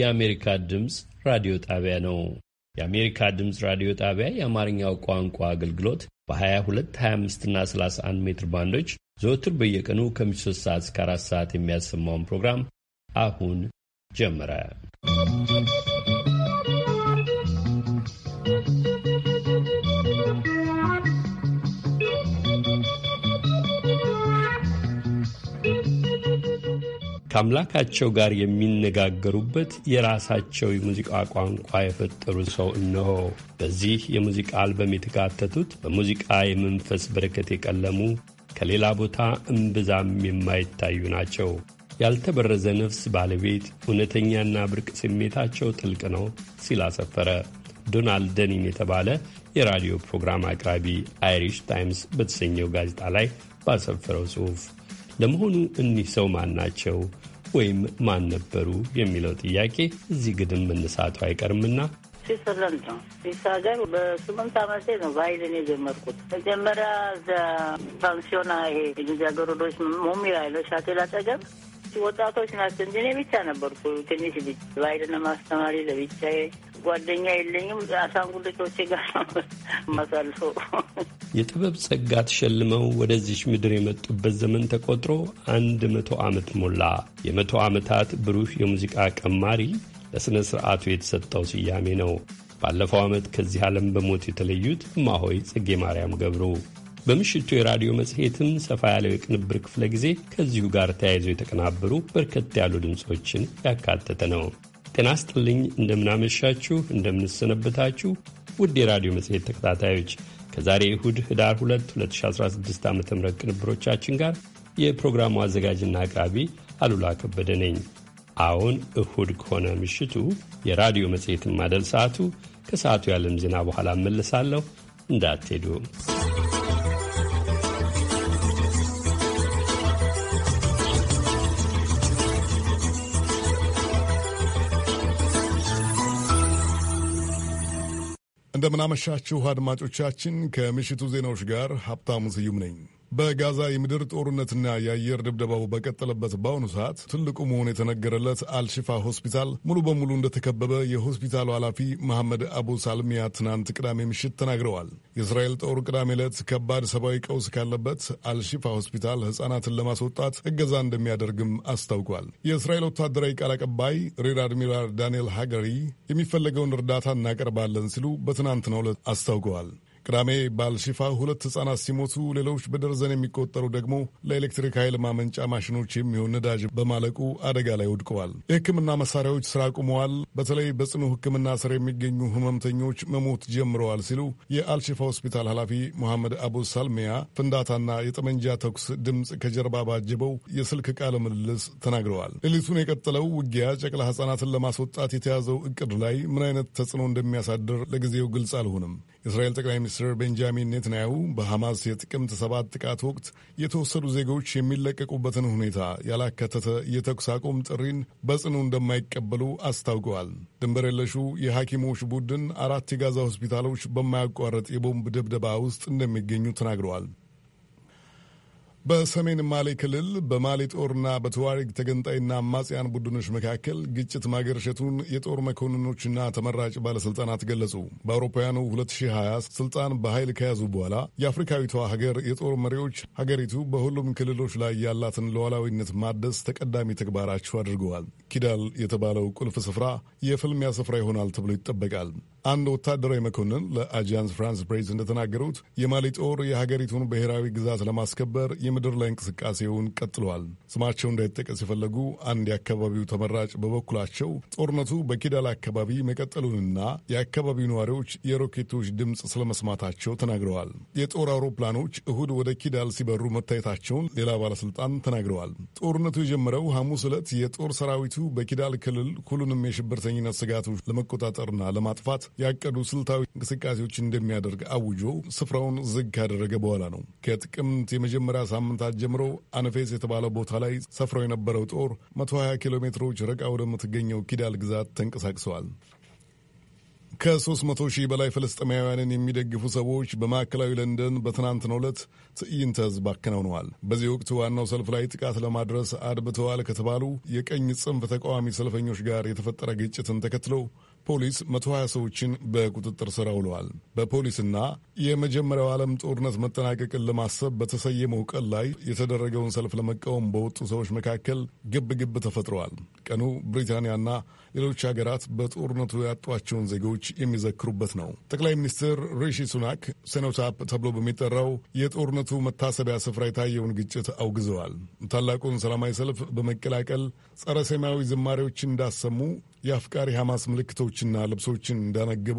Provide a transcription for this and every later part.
የአሜሪካ ድምፅ ራዲዮ ጣቢያ ነው። የአሜሪካ ድምፅ ራዲዮ ጣቢያ የአማርኛው ቋንቋ አገልግሎት በ22፣ 25 እና 31 ሜትር ባንዶች ዘወትር በየቀኑ ከ3 ሰዓት እስከ 4 ሰዓት የሚያሰማውን ፕሮግራም አሁን ጀመረ። ከአምላካቸው ጋር የሚነጋገሩበት የራሳቸው የሙዚቃ ቋንቋ የፈጠሩ ሰው እነሆ። በዚህ የሙዚቃ አልበም የተካተቱት በሙዚቃ የመንፈስ በረከት የቀለሙ ከሌላ ቦታ እምብዛም የማይታዩ ናቸው። ያልተበረዘ ነፍስ ባለቤት እውነተኛና ብርቅ ስሜታቸው ጥልቅ ነው ሲል አሰፈረ። ዶናልድ ደኒን የተባለ የራዲዮ ፕሮግራም አቅራቢ አይሪሽ ታይምስ በተሰኘው ጋዜጣ ላይ ባሰፈረው ጽሑፍ። ለመሆኑ እኒህ ሰው ማን ናቸው? ወይም ማን ነበሩ የሚለው ጥያቄ እዚህ ግድም መነሳቱ አይቀርምና ሲሰረል ነው ሲሳገር በስምንት አመቴ ነው በሀይልን የጀመርኩት። መጀመሪያ ፓንሲዮና ይሄ ልጃገረዶች ሙሚ ነው ሻቴል አጠገብ ወጣቶች ናቸው እንጂ እኔ ብቻ ነበርኩ። ትንሽ ልጅ ባይልና ማስተማሪ ለብቻዬ ጓደኛ የለኝም። አሻንጉሊቶቼ ጋር ማሳልፈው የጥበብ ጸጋ ተሸልመው ወደዚች ምድር የመጡበት ዘመን ተቆጥሮ አንድ መቶ ዓመት ሞላ። የመቶ ዓመታት ብሩህ የሙዚቃ ቀማሪ ለሥነ ሥርዓቱ የተሰጠው ስያሜ ነው። ባለፈው ዓመት ከዚህ ዓለም በሞት የተለዩት እማሆይ ጽጌ ማርያም ገብሩ በምሽቱ የራዲዮ መጽሔትም ሰፋ ያለው የቅንብር ክፍለ ጊዜ ከዚሁ ጋር ተያይዘው የተቀናበሩ በርከት ያሉ ድምፆችን ያካተተ ነው። ጤና ስጥልኝ፣ እንደምናመሻችሁ፣ እንደምንሰነበታችሁ ውድ የራዲዮ መጽሔት ተከታታዮች ከዛሬ እሁድ ህዳር 2 2016 ዓ ም ቅንብሮቻችን ጋር የፕሮግራሙ አዘጋጅና አቅራቢ አሉላ ከበደ ነኝ። አሁን እሁድ ከሆነ ምሽቱ የራዲዮ መጽሔትን ማደል ሰዓቱ ከሰዓቱ የዓለም ዜና በኋላ እመለሳለሁ። እንዳትሄዱ። እንደምናመሻችሁ አድማጮቻችን፣ ከምሽቱ ዜናዎች ጋር ሀብታሙ ስዩም ነኝ። በጋዛ የምድር ጦርነትና የአየር ድብደባው በቀጠለበት በአሁኑ ሰዓት ትልቁ መሆኑ የተነገረለት አልሽፋ ሆስፒታል ሙሉ በሙሉ እንደተከበበ የሆስፒታሉ ኃላፊ መሐመድ አቡ ሳልሚያ ትናንት ቅዳሜ ምሽት ተናግረዋል። የእስራኤል ጦር ቅዳሜ ዕለት ከባድ ሰብአዊ ቀውስ ካለበት አልሽፋ ሆስፒታል ሕፃናትን ለማስወጣት እገዛ እንደሚያደርግም አስታውቋል። የእስራኤል ወታደራዊ ቃል አቀባይ ሬር አድሚራል ዳንኤል ሃገሪ የሚፈለገውን እርዳታ እናቀርባለን ሲሉ በትናንትናው ዕለት አስታውቀዋል። ቅዳሜ ባልሺፋ ሁለት ህጻናት ሲሞቱ ሌሎች በደርዘን የሚቆጠሩ ደግሞ ለኤሌክትሪክ ኃይል ማመንጫ ማሽኖች የሚሆን ነዳጅ በማለቁ አደጋ ላይ ወድቀዋል። የህክምና መሳሪያዎች ስራ አቁመዋል። በተለይ በጽኑ ሕክምና ስር የሚገኙ ህመምተኞች መሞት ጀምረዋል ሲሉ የአልሽፋ ሆስፒታል ኃላፊ መሐመድ አቡ ሳልሚያ ፍንዳታና የጠመንጃ ተኩስ ድምፅ ከጀርባ ባጀበው የስልክ ቃለ ምልልስ ተናግረዋል። ሌሊቱን የቀጠለው ውጊያ ጨቅላ ህጻናትን ለማስወጣት የተያዘው እቅድ ላይ ምን አይነት ተጽዕኖ እንደሚያሳድር ለጊዜው ግልጽ አልሆንም። የእስራኤል ጠቅላይ ሚኒስትር ቤንጃሚን ኔትንያሁ በሐማስ የጥቅምት ሰባት ጥቃት ወቅት የተወሰዱ ዜጎች የሚለቀቁበትን ሁኔታ ያላካተተ የተኩስ አቁም ጥሪን በጽኑ እንደማይቀበሉ አስታውቀዋል። ድንበር የለሹ የሐኪሞች ቡድን አራት የጋዛ ሆስፒታሎች በማያቋርጥ የቦምብ ድብደባ ውስጥ እንደሚገኙ ተናግረዋል። በሰሜን ማሌ ክልል በማሌ ጦርና በተዋሪግ ተገንጣይና አማጽያን ቡድኖች መካከል ግጭት ማገርሸቱን የጦር መኮንኖችና ተመራጭ ባለስልጣናት ገለጹ። በአውሮፓውያኑ 2020 ስልጣን በኃይል ከያዙ በኋላ የአፍሪካዊቷ ሀገር የጦር መሪዎች ሀገሪቱ በሁሉም ክልሎች ላይ ያላትን ሉዓላዊነት ማደስ ተቀዳሚ ተግባራቸው አድርገዋል። ኪዳል የተባለው ቁልፍ ስፍራ የፍልሚያ ስፍራ ይሆናል ተብሎ ይጠበቃል። አንድ ወታደራዊ መኮንን ለአጃንስ ፍራንስ ፕሬስ እንደተናገሩት የማሊ ጦር የሀገሪቱን ብሔራዊ ግዛት ለማስከበር የምድር ላይ እንቅስቃሴውን ቀጥለዋል። ስማቸው እንዳይጠቀስ የፈለጉ አንድ የአካባቢው ተመራጭ በበኩላቸው ጦርነቱ በኪዳል አካባቢ መቀጠሉንና የአካባቢው ነዋሪዎች የሮኬቶች ድምፅ ስለመስማታቸው ተናግረዋል። የጦር አውሮፕላኖች እሁድ ወደ ኪዳል ሲበሩ መታየታቸውን ሌላ ባለስልጣን ተናግረዋል። ጦርነቱ የጀመረው ሐሙስ ዕለት የጦር ሰራዊቱ በኪዳል ክልል ሁሉንም የሽብርተኝነት ስጋቶች ለመቆጣጠርና ለማጥፋት ያቀዱ ስልታዊ እንቅስቃሴዎች እንደሚያደርግ አውጆ ስፍራውን ዝግ ካደረገ በኋላ ነው። ከጥቅምት የመጀመሪያ ሳምንታት ጀምሮ አነፌስ የተባለ ቦታ ላይ ሰፍረው የነበረው ጦር 120 ኪሎ ሜትሮች ርቃ ወደምትገኘው ኪዳል ግዛት ተንቀሳቅሰዋል። ከ300 ሺህ በላይ ፍልስጤማውያንን የሚደግፉ ሰዎች በማዕከላዊ ለንደን በትናንትናው ዕለት ትዕይንተ ህዝብ አከናውነዋል። በዚህ ወቅት ዋናው ሰልፍ ላይ ጥቃት ለማድረስ አድብተዋል ከተባሉ የቀኝ ጽንፍ ተቃዋሚ ሰልፈኞች ጋር የተፈጠረ ግጭትን ተከትለው ፖሊስ 120 ሰዎችን በቁጥጥር ስር አውለዋል። በፖሊስና የመጀመሪያው ዓለም ጦርነት መጠናቀቅን ለማሰብ በተሰየመው ቀን ላይ የተደረገውን ሰልፍ ለመቃወም በወጡ ሰዎች መካከል ግብ ግብ ተፈጥረዋል። ቀኑ ብሪታንያና ሌሎች ሀገራት በጦርነቱ ያጧቸውን ዜጎች የሚዘክሩበት ነው። ጠቅላይ ሚኒስትር ሪሺ ሱናክ ሴኖታፕ ተብሎ በሚጠራው የጦርነቱ መታሰቢያ ስፍራ የታየውን ግጭት አውግዘዋል። ታላቁን ሰላማዊ ሰልፍ በመቀላቀል ጸረ ሰማያዊ ዝማሬዎችን እንዳሰሙ፣ የአፍቃሪ ሐማስ ምልክቶችና ልብሶችን እንዳነገቡ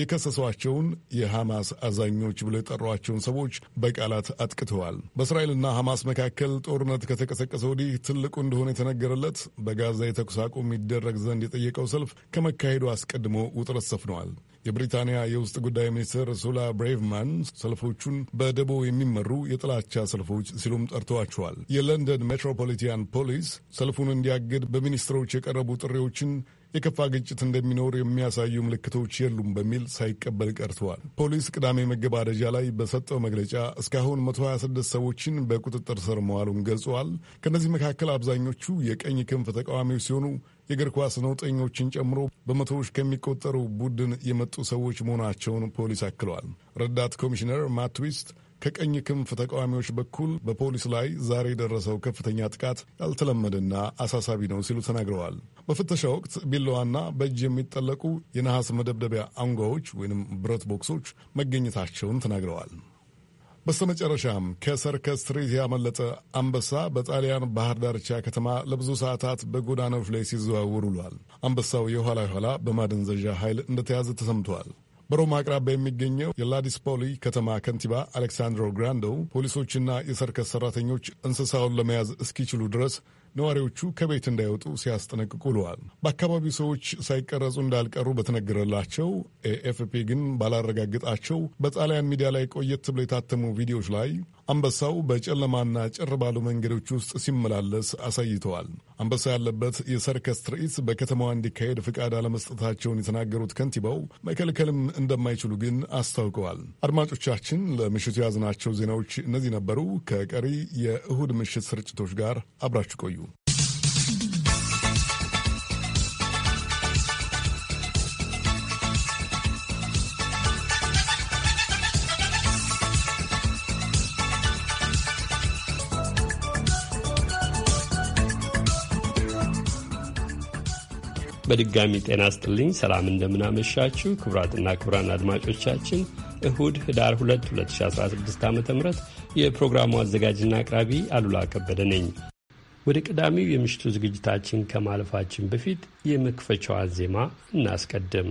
የከሰሷቸውን የሐማስ አዛኞች ብለው የጠሯቸውን ሰዎች በቃላት አጥቅተዋል። በእስራኤልና ሐማስ መካከል ጦርነት ከተቀሰቀሰ ወዲህ ትልቁ እንደሆነ የተነገረለት በጋዛ የተኩስ አቁም ይደረግ ዘንድ የጠየቀው ሰልፍ ከመካሄዱ አስቀድሞ ውጥረት ሰፍነዋል። የብሪታንያ የውስጥ ጉዳይ ሚኒስትር ሱላ ብሬቭማን ሰልፎቹን በደቦ የሚመሩ የጥላቻ ሰልፎች ሲሉም ጠርተዋቸዋል። የለንደን ሜትሮፖሊቲያን ፖሊስ ሰልፉን እንዲያግድ በሚኒስትሮች የቀረቡ ጥሪዎችን የከፋ ግጭት እንደሚኖር የሚያሳዩ ምልክቶች የሉም በሚል ሳይቀበል ቀርተዋል። ፖሊስ ቅዳሜ መገባደጃ ላይ በሰጠው መግለጫ እስካሁን 126 ሰዎችን በቁጥጥር ስር መዋሉን ገልጸዋል። ከእነዚህ መካከል አብዛኞቹ የቀኝ ክንፍ ተቃዋሚዎች ሲሆኑ የእግር ኳስ ነውጠኞችን ጨምሮ በመቶዎች ከሚቆጠሩ ቡድን የመጡ ሰዎች መሆናቸውን ፖሊስ አክለዋል። ረዳት ኮሚሽነር ማትዊስት ከቀኝ ክንፍ ተቃዋሚዎች በኩል በፖሊስ ላይ ዛሬ የደረሰው ከፍተኛ ጥቃት ያልተለመደና አሳሳቢ ነው ሲሉ ተናግረዋል። በፍተሻ ወቅት ቢላዋና በእጅ የሚጠለቁ የነሐስ መደብደቢያ አንጓዎች ወይም ብረት ቦክሶች መገኘታቸውን ተናግረዋል። በስተመጨረሻም ከሰርከስ ትርኢት ያመለጠ አንበሳ በጣሊያን ባህር ዳርቻ ከተማ ለብዙ ሰዓታት በጎዳናዎች ላይ ሲዘዋውር ውሏል። አንበሳው የኋላ ኋላ በማደንዘዣ ኃይል እንደተያዘ ተሰምተዋል። በሮማ አቅራቢያ የሚገኘው የላዲስፖሊ ከተማ ከንቲባ አሌክሳንድሮ ግራንዶ ፖሊሶችና የሰርከስ ሰራተኞች እንስሳውን ለመያዝ እስኪችሉ ድረስ ነዋሪዎቹ ከቤት እንዳይወጡ ሲያስጠነቅቁ ውለዋል። በአካባቢው ሰዎች ሳይቀረጹ እንዳልቀሩ በተነገረላቸው ኤኤፍፒ ግን ባላረጋግጣቸው በጣሊያን ሚዲያ ላይ ቆየት ብሎ የታተሙ ቪዲዮዎች ላይ አንበሳው በጨለማና ጭር ባሉ መንገዶች ውስጥ ሲመላለስ አሳይተዋል። አንበሳ ያለበት የሰርከስ ትርኢት በከተማዋ እንዲካሄድ ፍቃድ አለመስጠታቸውን የተናገሩት ከንቲባው መከልከልም እንደማይችሉ ግን አስታውቀዋል። አድማጮቻችን፣ ለምሽቱ የያዝናቸው ዜናዎች እነዚህ ነበሩ። ከቀሪ የእሁድ ምሽት ስርጭቶች ጋር አብራችሁ ቆዩ። በድጋሚ ጤና ስጥልኝ። ሰላም እንደምናመሻችሁ ክቡራትና ክቡራን አድማጮቻችን እሁድ ህዳር 2 2016 ዓ ም የፕሮግራሙ አዘጋጅና አቅራቢ አሉላ ከበደ ነኝ። ወደ ቀዳሚው የምሽቱ ዝግጅታችን ከማለፋችን በፊት የመክፈቻዋን ዜማ እናስቀድም።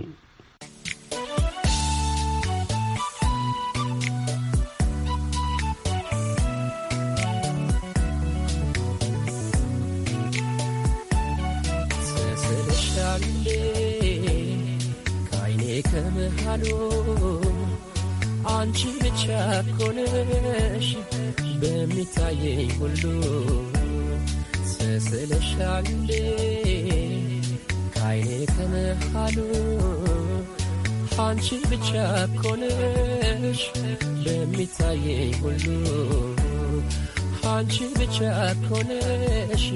ብቻ ኮነሽ በሚታየኝ ሁሉ ስስልሻል ካይኔ ከመሃሉ አንቺ ብቻ ኮነሽ በሚታየኝ ሁሉ አንቺ ብቻ ኮነሽ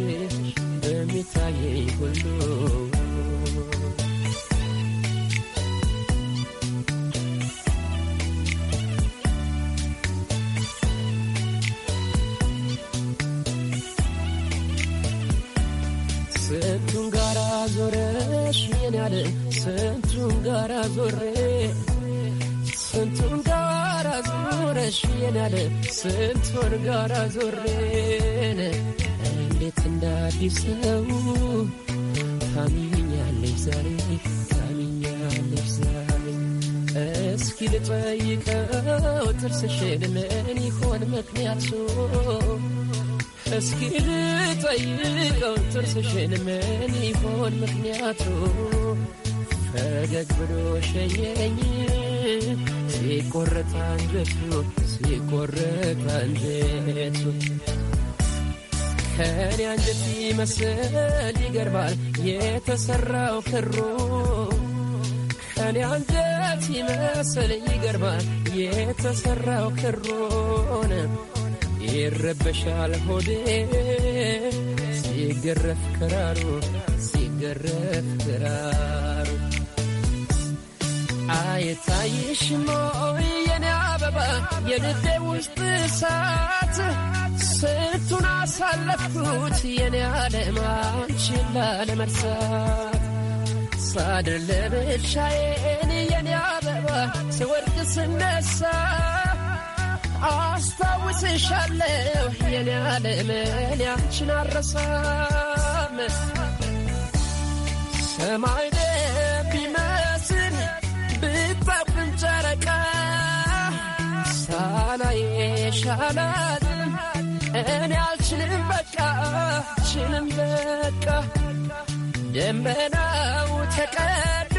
በሚታየኝ ሁሉ ያሽኛል ስንቱን ጋራ ዞሬ ስንቱን ጋራ ዞረሽኛል ስንቱን ጋራ ዞሬን እንዴት እንዳዲስ ሰው ታሚኛለሽ ዛሬ ታሚኛለሽ ዛሬ እስኪ ልጠይቀው ትርስሽን ምን ይሆን ምክንያቱ እስኪ ልጠይቀው ጥርስሽን ምን ይሆን ምክንያቱ ፈገግ ብሎ ሸኘኝ ሲቆረጥ አንጀቱ ሲቆረጥ አንጀቱ ከኔ አንጀት ይመስል ይገርማል የተሰራው ክሩ ከኔ አንጀት ይመስል ይገርማል የተሰራው ክሩን ይረበሻል ሆዴ ሲገረፍ ከራሩ ሲገረፍ ከራሩ አይታይሽሞ የኔ አበባ የልቤ ውስጥ እሳት ስንቱን አሳለፍኩት የኔ ዓለም አንቺን ላለመርሳት ሳድር ለብቻዬን የኔ አበባ ስወድቅ ስነሳ አስታውስሻለሁ የኔ ዓለም እኔ አንቺን አረሳም ሰማይ ቢመስል ጨረቃ እኔ አልችልም በቃ አልችልም በቃ ደመናው ተቀዶ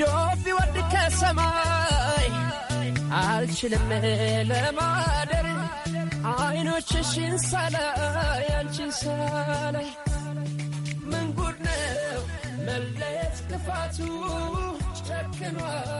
ዶፍ ከሰማይ አልችልም ለማደር አይኖችሽን ሳላይ አንቺን ሳላይ ምን ጉድ ነው መለየት ክፋቱ ጨክኗል።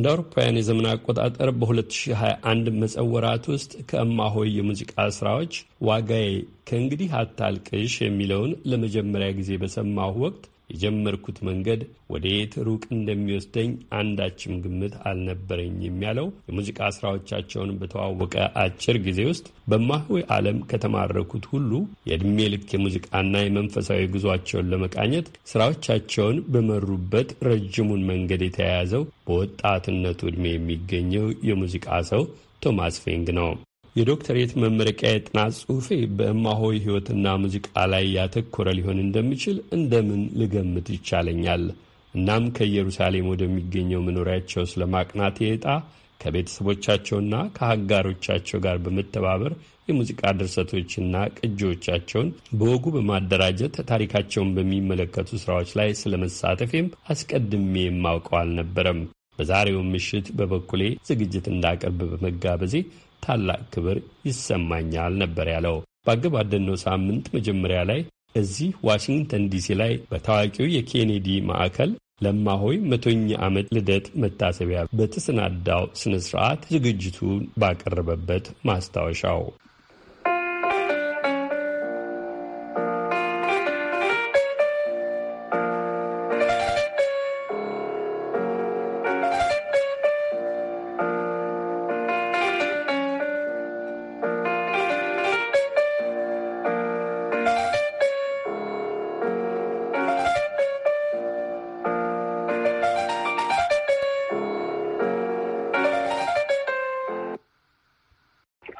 እንደ አውሮፓውያን የዘመን አቆጣጠር በ2021 መጸወራት ውስጥ ከእማሆይ የሙዚቃ ስራዎች ዋጋዬ ከእንግዲህ አታልቅሽ የሚለውን ለመጀመሪያ ጊዜ በሰማሁ ወቅት የጀመርኩት መንገድ የት ሩቅ እንደሚወስደኝ አንዳችም ግምት አልነበረኝም ያለው የሙዚቃ ስራዎቻቸውን በተዋወቀ አጭር ጊዜ ውስጥ በማህዌ ዓለም ከተማረኩት ሁሉ የዕድሜ ልክ የሙዚቃና የመንፈሳዊ ጉዟቸውን ለመቃኘት ስራዎቻቸውን በመሩበት ረጅሙን መንገድ የተያያዘው በወጣትነቱ ዕድሜ የሚገኘው የሙዚቃ ሰው ቶማስ ፌንግ ነው። የዶክተሬት መመረቂያ የጥናት ጽሁፌ በእማሆይ ህይወትና ሙዚቃ ላይ ያተኮረ ሊሆን እንደሚችል እንደምን ልገምት ይቻለኛል። እናም ከኢየሩሳሌም ወደሚገኘው መኖሪያቸው ስለማቅናት የጣ ከቤተሰቦቻቸውና ከአጋሮቻቸው ጋር በመተባበር የሙዚቃ ድርሰቶችና ቅጂዎቻቸውን በወጉ በማደራጀት ታሪካቸውን በሚመለከቱ ስራዎች ላይ ስለ መሳተፌም አስቀድሜ የማውቀው አልነበረም። በዛሬው ምሽት በበኩሌ ዝግጅት እንዳቀርብ በመጋበዜ ታላቅ ክብር ይሰማኛል ነበር ያለው። ባገባደነው ሳምንት መጀመሪያ ላይ እዚህ ዋሽንግተን ዲሲ ላይ በታዋቂው የኬኔዲ ማዕከል ለማሆይ መቶኛ ዓመት ልደት መታሰቢያ በተሰናዳው ስነ ስርዓት ዝግጅቱን ባቀረበበት ማስታወሻው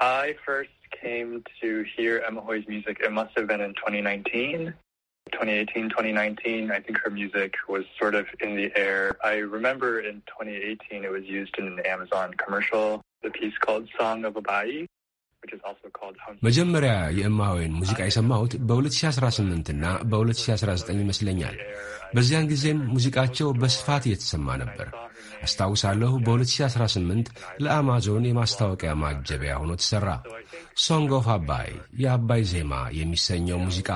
I first came to hear Emma Hoy's music, it must have been in 2019. 2018, 2019, I think her music was sort of in the air. I remember in 2018, it was used in an Amazon commercial, the piece called Song of a Abai. መጀመሪያ የእማሆይን ሙዚቃ የሰማሁት በ2018 እና በ2019 ይመስለኛል። በዚያን ጊዜም ሙዚቃቸው በስፋት እየተሰማ ነበር። አስታውሳለሁ በ2018 ለአማዞን የማስታወቂያ ማጀቢያ ሆኖ ተሠራ። ሶንግ ኦፍ አባይ የአባይ ዜማ የሚሰኘው ሙዚቃ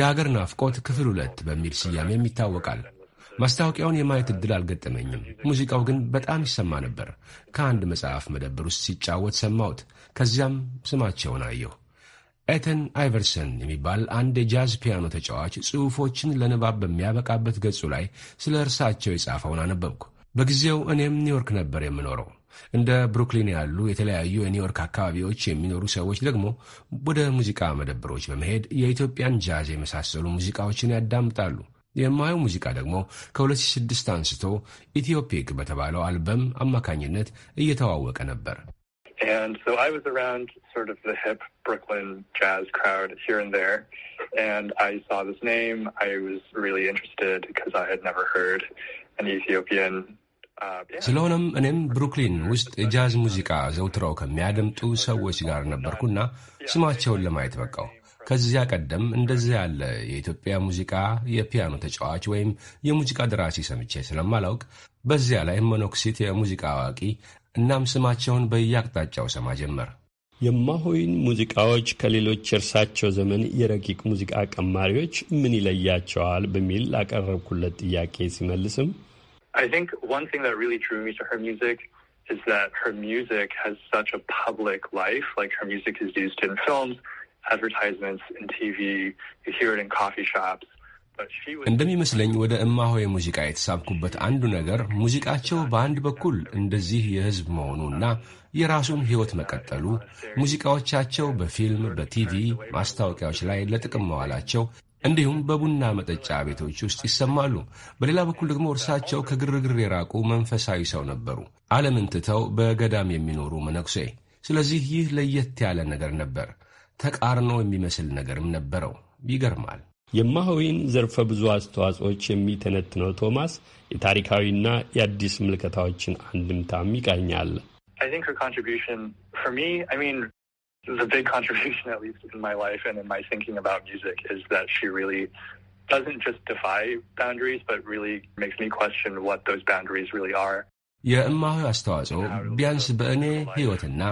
የአገር ናፍቆት ክፍል ሁለት በሚል ስያሜም ይታወቃል። ማስታወቂያውን የማየት ዕድል አልገጠመኝም። ሙዚቃው ግን በጣም ይሰማ ነበር። ከአንድ መጽሐፍ መደብር ውስጥ ሲጫወት ሰማሁት። ከዚያም ስማቸውን አየሁ። ኤተን አይቨርሰን የሚባል አንድ የጃዝ ፒያኖ ተጫዋች ጽሑፎችን ለንባብ በሚያበቃበት ገጹ ላይ ስለ እርሳቸው የጻፈውን አነበብኩ። በጊዜው እኔም ኒውዮርክ ነበር የምኖረው። እንደ ብሩክሊን ያሉ የተለያዩ የኒውዮርክ አካባቢዎች የሚኖሩ ሰዎች ደግሞ ወደ ሙዚቃ መደብሮች በመሄድ የኢትዮጵያን ጃዝ የመሳሰሉ ሙዚቃዎችን ያዳምጣሉ። የማየው ሙዚቃ ደግሞ ከ2006 አንስቶ ኢትዮፒክ በተባለው አልበም አማካኝነት እየተዋወቀ ነበር። And so I was around sort of the hip Brooklyn jazz crowd here and there. And I saw this name. I was really interested because I had never heard an Ethiopian. ስለሆነም እኔም ብሩክሊን ውስጥ የጃዝ ሙዚቃ ዘውትረው ከሚያደምጡ ሰዎች ጋር ነበርኩና ስማቸውን ለማየት በቃው። ከዚያ ቀደም እንደዚያ ያለ የኢትዮጵያ ሙዚቃ የፒያኖ ተጫዋች ወይም የሙዚቃ ደራሲ ሰምቼ ስለማላውቅ በዚያ ላይ መኖክሲት የሙዚቃ አዋቂ እናም ስማቸውን በየአቅጣጫው ሰማ ጀመር። የማሆይን ሙዚቃዎች ከሌሎች እርሳቸው ዘመን የረቂቅ ሙዚቃ ቀማሪዎች ምን ይለያቸዋል? በሚል ላቀረብኩለት ጥያቄ ሲመልስም እንደሚመስለኝ ወደ እማሆይ ሙዚቃ የተሳብኩበት አንዱ ነገር ሙዚቃቸው በአንድ በኩል እንደዚህ የህዝብ መሆኑና የራሱን ህይወት መቀጠሉ፣ ሙዚቃዎቻቸው በፊልም በቲቪ ማስታወቂያዎች ላይ ለጥቅም መዋላቸው እንዲሁም በቡና መጠጫ ቤቶች ውስጥ ይሰማሉ። በሌላ በኩል ደግሞ እርሳቸው ከግርግር የራቁ መንፈሳዊ ሰው ነበሩ፣ ዓለምን ትተው በገዳም የሚኖሩ መነኩሴ። ስለዚህ ይህ ለየት ያለ ነገር ነበር። ተቃርኖ የሚመስል ነገርም ነበረው። ይገርማል። የማሆይን ዘርፈ ብዙ አስተዋጽኦች የሚተነትነው ቶማስ የታሪካዊና የአዲስ ምልከታዎችን አንድምታም ይቃኛል። doesn't just defy boundaries, but really makes me question what those boundaries really are. የእማሆይ አስተዋጽኦ ቢያንስ በእኔ ሕይወትና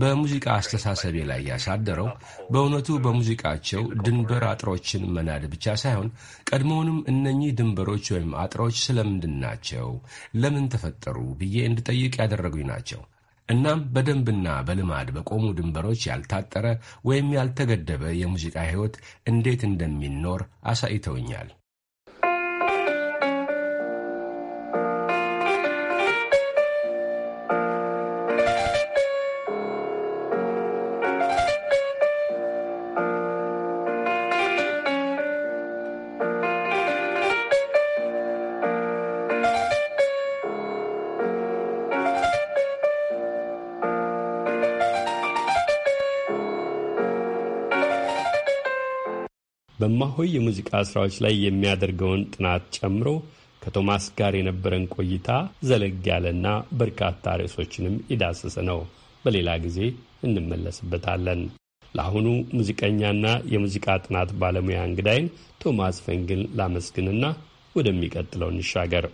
በሙዚቃ አስተሳሰቤ ላይ ያሳደረው በእውነቱ በሙዚቃቸው ድንበር አጥሮችን መናድ ብቻ ሳይሆን ቀድሞውንም እነኚህ ድንበሮች ወይም አጥሮች ስለምንድን ናቸው፣ ለምን ተፈጠሩ ብዬ እንድጠይቅ ያደረጉኝ ናቸው። እናም በደንብና በልማድ በቆሙ ድንበሮች ያልታጠረ ወይም ያልተገደበ የሙዚቃ ሕይወት እንዴት እንደሚኖር አሳይተውኛል። በማሆይ የሙዚቃ ስራዎች ላይ የሚያደርገውን ጥናት ጨምሮ ከቶማስ ጋር የነበረን ቆይታ ዘለግ ያለና በርካታ ርዕሶችንም የዳሰሰ ነው። በሌላ ጊዜ እንመለስበታለን። ለአሁኑ ሙዚቀኛና የሙዚቃ ጥናት ባለሙያ እንግዳይን ቶማስ ፈንግን ላመስግንና ወደሚቀጥለው እንሻገር።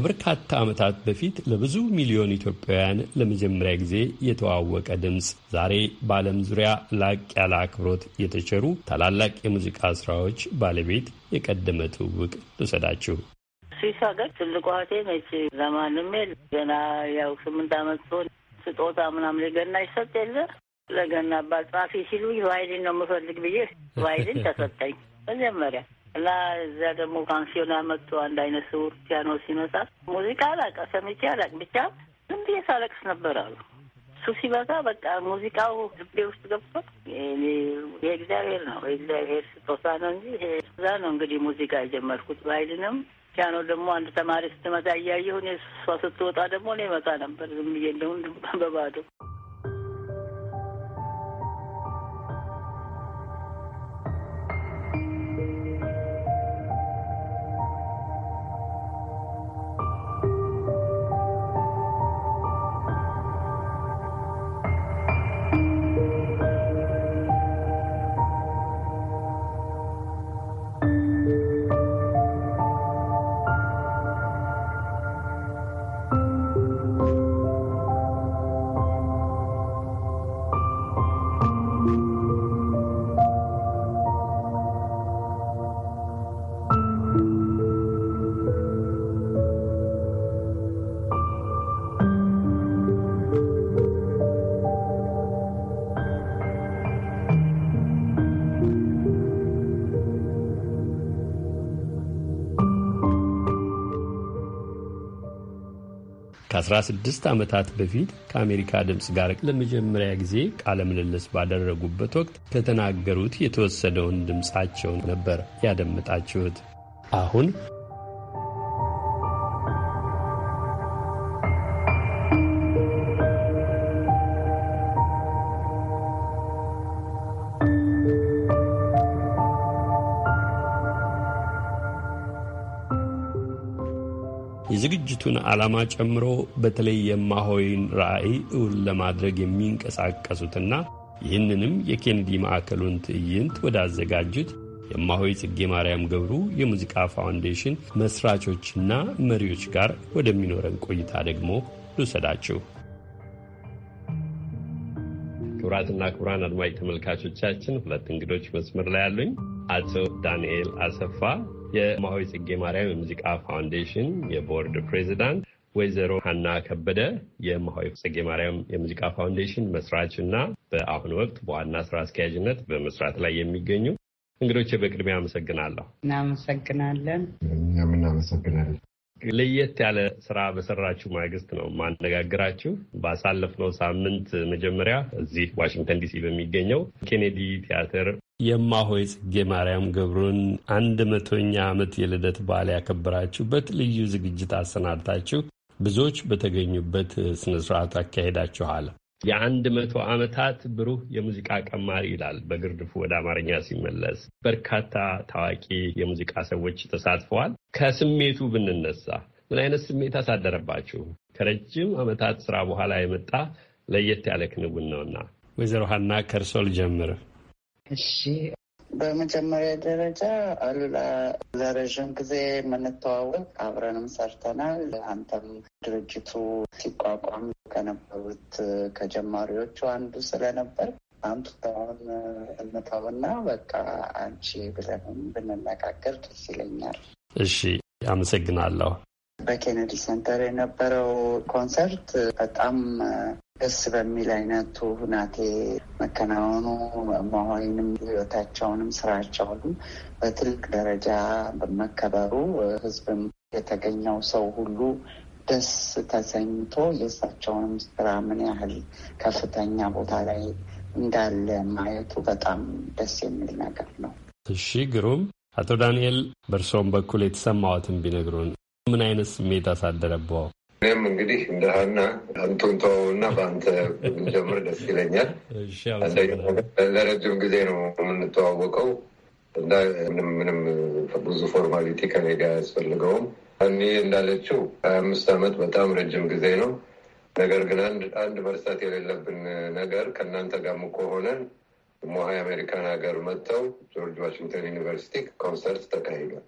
ከበርካታ ዓመታት በፊት ለብዙ ሚሊዮን ኢትዮጵያውያን ለመጀመሪያ ጊዜ የተዋወቀ ድምፅ ዛሬ በዓለም ዙሪያ ላቅ ያለ አክብሮት የተቸሩ ታላላቅ የሙዚቃ ስራዎች ባለቤት የቀደመ ትውውቅ ልውሰዳችሁ። ስዊስ ሀገር ትልቋ እህቴ መቼ ለማንም ገና ያው ስምንት ዓመት ሲሆን ስጦታ ምናምን ገና ይሰጥ የለ ለገና አባት ጻፊ ሲሉ ቫይሊን ነው የምፈልግ ብዬ ቫይሊን ተሰጠኝ መጀመሪያ እና እዛ ደግሞ ካንሲዮን ያመጡ አንድ አይነት ስውር ፒያኖ ሲመጣ ሙዚቃ አላቀ ሰምቼ አላቅ ብቻ ዝም ብዬ ሳለቅስ ነበር አሉ። እሱ ሲበዛ በቃ ሙዚቃው ልቤ ውስጥ ገብቶ የእግዚአብሔር ነው የእግዚአብሔር ስጦታ ነው እንጂ እዛ ነው እንግዲህ ሙዚቃ የጀመርኩት ባይልንም ፒያኖ ደግሞ አንድ ተማሪ ስትመጣ እያየሁን እሷ ስትወጣ ደግሞ እኔ እመታ ነበር ዝም ብዬ እንደሁም በባዶ ከ ስድስት ዓመታት በፊት ከአሜሪካ ድምፅ ጋር ለመጀመሪያ ጊዜ ቃለ ምልልስ ባደረጉበት ወቅት ከተናገሩት የተወሰደውን ድምፃቸውን ነበር ያደመጣችሁት። አሁን የድርጅቱን ዓላማ ጨምሮ በተለይ የማሆይን ራዕይ እውን ለማድረግ የሚንቀሳቀሱትና ይህንንም የኬኔዲ ማዕከሉን ትዕይንት ወዳዘጋጁት የማሆይ ጽጌ ማርያም ገብሩ የሙዚቃ ፋውንዴሽን መስራቾችና መሪዎች ጋር ወደሚኖረን ቆይታ ደግሞ ልውሰዳችሁ። ክቡራትና ክቡራን አድማጭ ተመልካቾቻችን ሁለት እንግዶች መስመር ላይ ያሉኝ አቶ ዳንኤል አሰፋ የማሆይ ጽጌ ማርያም የሙዚቃ ፋውንዴሽን የቦርድ ፕሬዚዳንት፣ ወይዘሮ ሀና ከበደ የማሆይ ጽጌ ማርያም የሙዚቃ ፋውንዴሽን መስራች እና በአሁኑ ወቅት በዋና ስራ አስኪያጅነት በመስራት ላይ የሚገኙ እንግዶች በቅድሚያ አመሰግናለሁ። እናመሰግናለን። እኛም እናመሰግናለን። ለየት ያለ ስራ በሰራችሁ ማግስት ነው ማነጋግራችሁ። ባሳለፍነው ሳምንት መጀመሪያ እዚህ ዋሽንግተን ዲሲ በሚገኘው ኬኔዲ ቲያትር የማሆይ ጽጌ ማርያም ገብሩን አንድ መቶኛ ዓመት የልደት በዓል ያከበራችሁበት ልዩ ዝግጅት አሰናድታችሁ ብዙዎች በተገኙበት ስነ ስርዓት አካሄዳችኋል። የአንድ መቶ ዓመታት ብሩህ የሙዚቃ ቀማሪ ይላል በግርድፉ ወደ አማርኛ ሲመለስ። በርካታ ታዋቂ የሙዚቃ ሰዎች ተሳትፈዋል። ከስሜቱ ብንነሳ ምን አይነት ስሜት አሳደረባችሁ? ከረጅም ዓመታት ስራ በኋላ የመጣ ለየት ያለ ክንውን ነውና። ወይዘሮ ሀና ከእርሶ ልጀምር። እሺ በመጀመሪያ ደረጃ አሉላ ለረዥም ጊዜ የምንተዋወቅ አብረንም ሰርተናል። አንተም ድርጅቱ ሲቋቋም ከነበሩት ከጀማሪዎቹ አንዱ ስለነበር አምጥታውን እንተውና በቃ አንቺ ብለንም ብንነጋገር ደስ ይለኛል። እሺ፣ አመሰግናለሁ። በኬነዲ ሴንተር የነበረው ኮንሰርት በጣም ደስ በሚል አይነቱ ሁናቴ መከናወኑ መሆይንም ህይወታቸውንም ስራቸውንም በትልቅ ደረጃ በመከበሩ ህዝብም የተገኘው ሰው ሁሉ ደስ ተሰኝቶ የእሳቸውንም ስራ ምን ያህል ከፍተኛ ቦታ ላይ እንዳለ ማየቱ በጣም ደስ የሚል ነገር ነው። እሺ ግሩም። አቶ ዳንኤል በእርስዎም በኩል የተሰማዎትን ቢነግሩን። ምን አይነት ስሜት አሳደረበው? እኔም እንግዲህ እንደ ሀና አንቱን ተወውና በአንተ ጀምር ደስ ይለኛል። ለረጅም ጊዜ ነው የምንተዋወቀው እና ምንም ምንም ብዙ ፎርማሊቲ ከኔ ጋር አያስፈልገውም። እኔ እንዳለችው ሀያ አምስት አመት በጣም ረጅም ጊዜ ነው። ነገር ግን አንድ መርሳት የሌለብን ነገር ከእናንተ ጋርም ከሆነን ሞሀይ አሜሪካን ሀገር መጥተው ጆርጅ ዋሽንግተን ዩኒቨርሲቲ ኮንሰርት ተካሂዷል።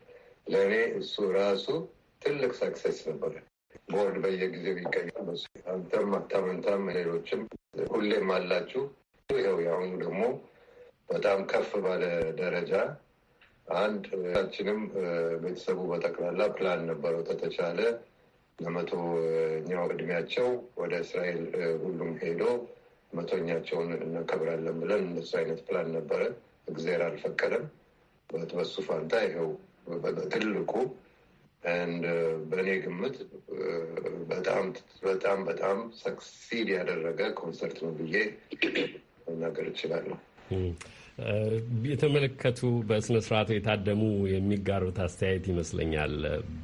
ለእኔ እሱ ራሱ ትልቅ ሰክሰስ ነበረ። ቦርድ በየጊዜው ይቀየራል። አንተም አታመንታም፣ ሌሎችም ሁሌም አላችሁ። ይኸው የአሁኑ ደግሞ በጣም ከፍ ባለ ደረጃ አንድ ችንም ቤተሰቡ በጠቅላላ ፕላን ነበረው ከተቻለ ለመቶኛው እድሜያቸው ወደ እስራኤል ሁሉም ሄዶ መቶኛቸውን እናከብራለን ብለን እንደሱ አይነት ፕላን ነበረ። እግዜር አልፈቀደም። በሱ ፋንታ ይኸው በትልቁ Uh, በእኔ ግምት uh, በጣም በጣም በጣም ሰክሲድ ያደረገ ኮንሰርት ነው ብዬ መናገር እችላለሁ። uh, የተመለከቱ በስነ ስርዓቱ የታደሙ የሚጋሩት አስተያየት ይመስለኛል።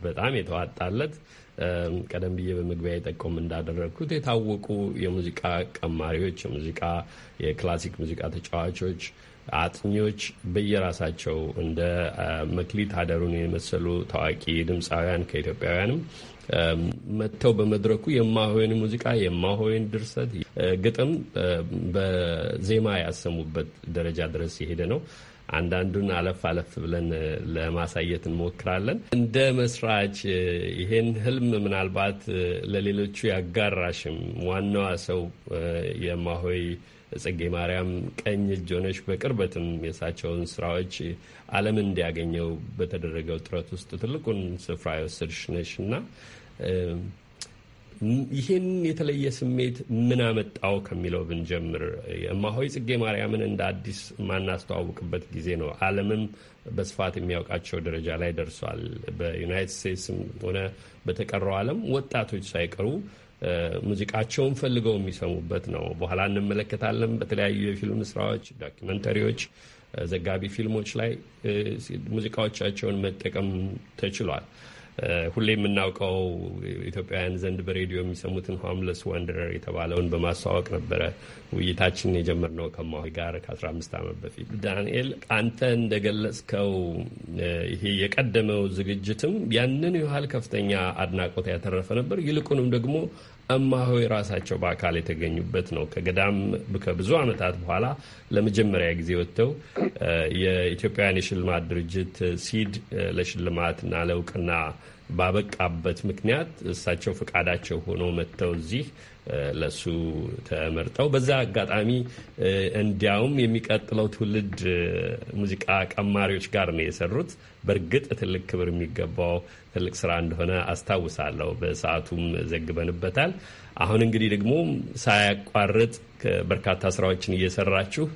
በጣም የተዋጣለት um, ቀደም ብዬ በመግቢያ የጠቆም እንዳደረግኩት የታወቁ የሙዚቃ ቀማሪዎች፣ የሙዚቃ የክላሲክ ሙዚቃ ተጫዋቾች አጥኚዎች በየራሳቸው እንደ መክሊት ሀደሩን የመሰሉ ታዋቂ ድምፃውያን ከኢትዮጵያውያንም መጥተው በመድረኩ የማሆይን ሙዚቃ የማሆይን ድርሰት ግጥም በዜማ ያሰሙበት ደረጃ ድረስ የሄደ ነው። አንዳንዱን አለፍ አለፍ ብለን ለማሳየት እንሞክራለን። እንደ መስራች ይሄን ህልም ምናልባት ለሌሎቹ ያጋራሽም ዋናዋ ሰው የማሆይ ጽጌ ማርያም ቀኝ እጅ ሆነሽ በቅርበትም የእሳቸውን ስራዎች ዓለም እንዲያገኘው በተደረገው ጥረት ውስጥ ትልቁን ስፍራ የወሰድሽ ነሽ እና ይህን የተለየ ስሜት ምን አመጣው ከሚለው ብንጀምር እማሆይ ጽጌ ማርያምን እንደ አዲስ ማናስተዋውቅበት ጊዜ ነው። ዓለምም በስፋት የሚያውቃቸው ደረጃ ላይ ደርሷል። በዩናይትድ ስቴትስም ሆነ በተቀረው ዓለም ወጣቶች ሳይቀሩ ሙዚቃቸውን ፈልገው የሚሰሙበት ነው። በኋላ እንመለከታለን። በተለያዩ የፊልም ስራዎች፣ ዶኪመንተሪዎች፣ ዘጋቢ ፊልሞች ላይ ሙዚቃዎቻቸውን መጠቀም ተችሏል። ሁሌ የምናውቀው ኢትዮጵያውያን ዘንድ በሬዲዮ የሚሰሙትን ሃምለስ ዋንደረር የተባለውን በማስተዋወቅ ነበረ ውይይታችንን የጀመርነው ከማሆይ ጋር ከ15 ዓመት በፊት። ዳንኤል አንተ እንደገለጽከው ይሄ የቀደመው ዝግጅትም ያንን ያህል ከፍተኛ አድናቆት ያተረፈ ነበር። ይልቁንም ደግሞ እማሆይ ራሳቸው በአካል የተገኙበት ነው። ከገዳም ከብዙ ዓመታት በኋላ ለመጀመሪያ ጊዜ ወጥተው የኢትዮጵያውያን የሽልማት ድርጅት ሲድ ለሽልማትና ለእውቅና ባበቃበት ምክንያት እሳቸው ፈቃዳቸው ሆኖ መጥተው እዚህ ለሱ ተመርጠው በዛ አጋጣሚ እንዲያውም የሚቀጥለው ትውልድ ሙዚቃ ቀማሪዎች ጋር ነው የሰሩት። በእርግጥ ትልቅ ክብር የሚገባው ትልቅ ስራ እንደሆነ አስታውሳለሁ። በሰዓቱም ዘግበንበታል። አሁን እንግዲህ ደግሞ ሳያቋርጥ በርካታ ስራዎችን እየሰራችሁ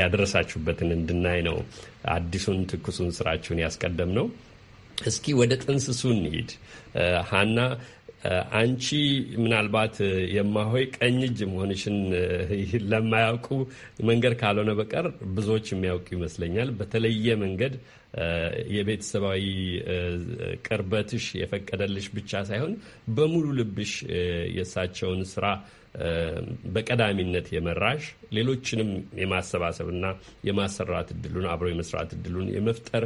ያደረሳችሁበትን እንድናይ ነው አዲሱን ትኩሱን ስራችሁን ያስቀደም ነው። እስኪ ወደ ጥንስሱ እንሂድ ሀና። አንቺ ምናልባት የማሆይ ቀኝ እጅ መሆንሽን ለማያውቁ መንገድ ካልሆነ በቀር ብዙዎች የሚያውቁ ይመስለኛል። በተለየ መንገድ የቤተሰባዊ ቅርበትሽ የፈቀደልሽ ብቻ ሳይሆን በሙሉ ልብሽ የእሳቸውን ስራ በቀዳሚነት የመራሽ ሌሎችንም የማሰባሰብና የማሰራት እድሉን አብሮ የመስራት እድሉን የመፍጠር